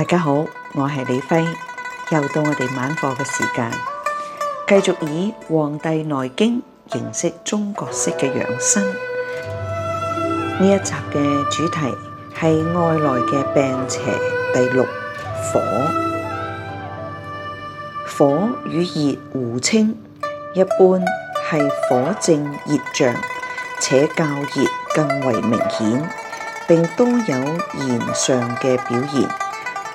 大家好，我係李輝，又到我哋晚課嘅時間，繼續以《黃帝內經》認識中國式嘅養生。呢一集嘅主題係外來嘅病邪第六火，火與熱互稱，一般係火證熱象，且較熱更為明顯，並都有炎上嘅表現。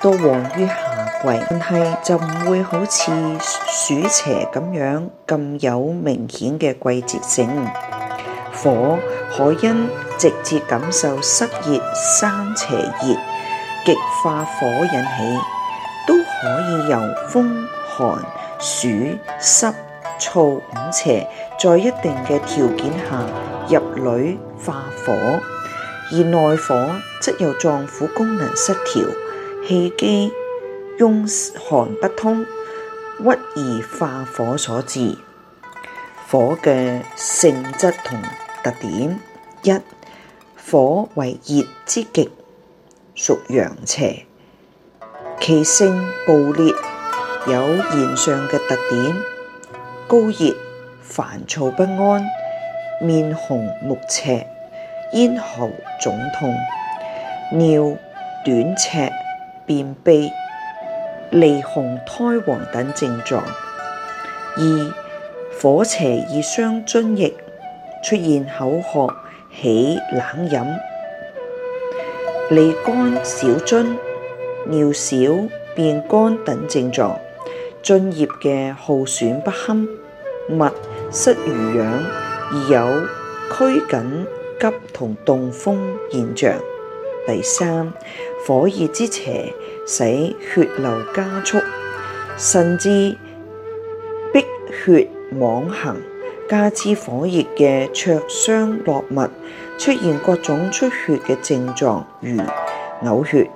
到旺於夏季，但係就唔會好似暑邪咁樣咁有明顯嘅季節性。火可因直接感受濕熱、生邪熱極化火引起，都可以由風寒、暑濕、燥、五邪在一定嘅條件下入裏化火，而內火則由臟腑功能失調，氣機壅寒不通，鬱而化火所致。火嘅性質同特點：一、火為熱之極，屬陽邪，其性暴烈，有炎上嘅特點：高熱、煩躁不安、面紅目赤、咽喉腫痛、尿短赤。便秘、利紅、苔黃等症狀；二、火邪易傷津液，出現口渴、喜冷飲、利乾小津、尿少、便乾等症狀；津液嘅耗損不堪，物失濡養，而有拘緊急同動風現象。第三，火熱之邪使血流加速，甚至迫血妄行，加之火熱嘅灼傷絡脈，出現各種出血嘅症狀，如嘔血、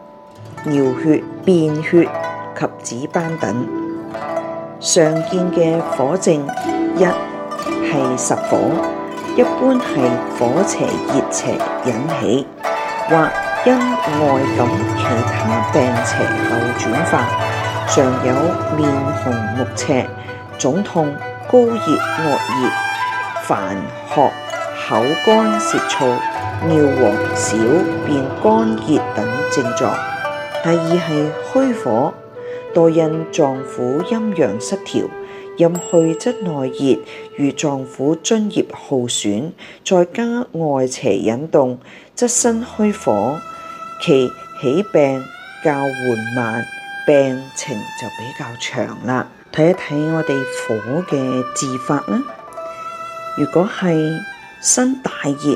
尿血、便血及紫斑等。常見嘅火症一係實火，一般係火邪熱邪引起，或因外感其他病邪後轉化，常有面紅目赤、腫痛、高熱惡熱、煩渴、口乾舌燥、尿黃少、便乾結等症狀。第二係虛火，多因臟腑陰陽失調，陰虛則內熱，如臟腑津液耗損，再加外邪引動，則生虛火。其起病較緩慢，病情就比較長啦。睇一睇我哋火嘅治法啦。如果係身大熱、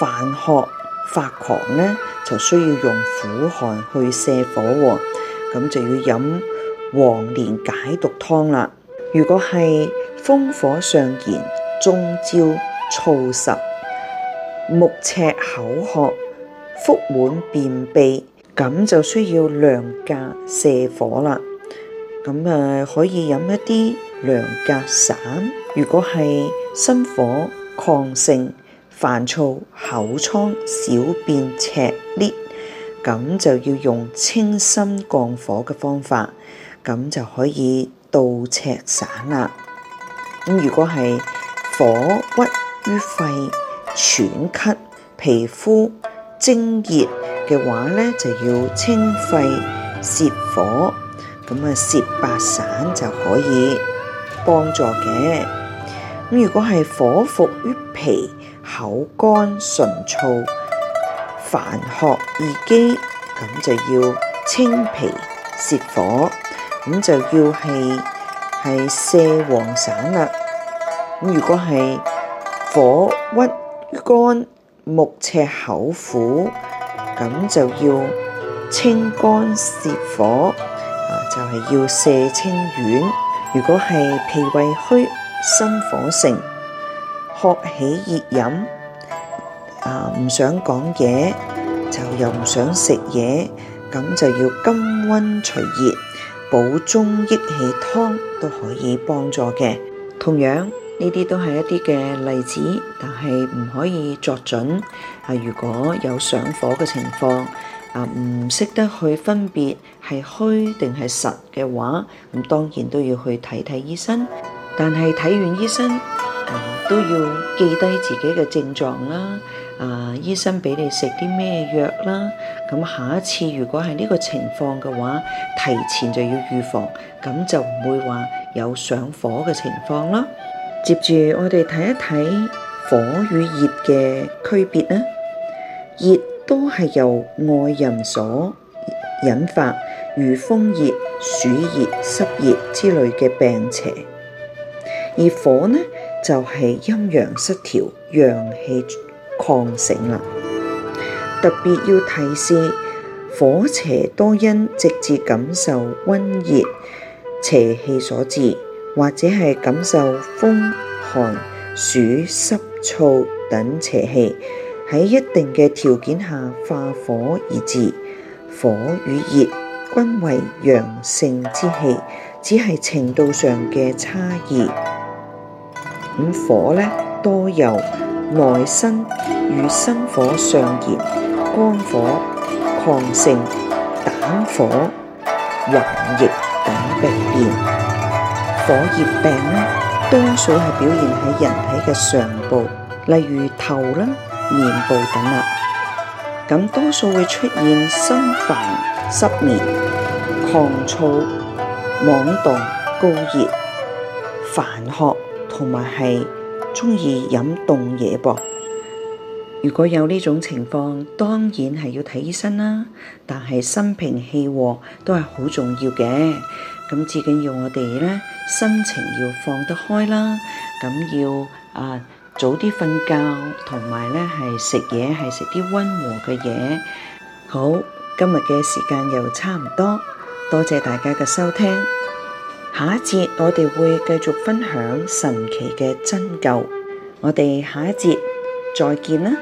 煩渴、發狂呢，就需要用苦寒去瀉火，哦，咁就要飲黃連解毒湯啦。如果係風火上炎、中焦燥實、目赤口渴。腹滿便秘，咁就需要涼膈瀉火啦，咁啊、呃、可以飲一啲涼膈散。如果係心火亢盛、煩躁、口瘡、小便赤裂，咁就要用清心降火嘅方法，咁就可以導赤散啦。咁如果係火鬱於肺、喘咳、皮膚，蒸熱嘅話咧，就要清肺瀉火，咁啊瀉白散就可以幫助嘅。咁如果係火伏於脾，口乾唇燥、煩渴、易飢，咁就要清脾瀉火，咁就要係係瀉黃散啦。咁如果係火鬱於肝，目赤口苦，咁就要清肝泄火，啊就係、是、要瀉清丸。如果係脾胃虛、心火盛、喝起熱飲，啊唔想講嘢，就又唔想食嘢，咁就要甘溫除熱、補中益氣湯都可以幫助嘅。同樣。呢啲都係一啲嘅例子，但係唔可以作準。啊，如果有上火嘅情況，啊唔識得去分別係虛定係實嘅話，咁當然都要去睇睇醫生。但係睇完醫生，啊都要記低自己嘅症狀啦。啊，醫生俾你食啲咩藥啦。咁下一次如果係呢個情況嘅話，提前就要預防，咁就唔會話有上火嘅情況啦。接住，我哋睇一睇火與熱嘅區別啦。熱都係由外人所引發，如風熱、暑熱、濕熱，濕熱之類嘅病邪；而火呢，就係、是、陰陽失調、陽氣亢盛啦。特別要提示，火邪多因直接感受溫熱邪氣所致。或者係感受風寒暑濕，濕燥等邪氣，喺一定嘅條件下化火而至。火與熱均為陽性之氣，只係程度上嘅差異。咁火呢，多由內生，如心火上炎、肝火亢盛、膽火橫逆等病變。火熱病咧，多數係表現喺人體嘅上部，例如頭啦、面部等啦。咁多數會出現心煩、失眠、狂躁、妄動、高熱、煩渴，同埋係鍾意飲凍嘢噃。如果有呢種情況，當然係要睇醫生啦。但係心平氣和都係好重要嘅。咁至緊要我哋咧，心情要放得開啦，咁要啊早啲瞓覺，同埋咧係食嘢係食啲溫和嘅嘢。好，今日嘅時間又差唔多，多謝大家嘅收聽。下一節我哋會繼續分享神奇嘅針灸，我哋下一節再見啦。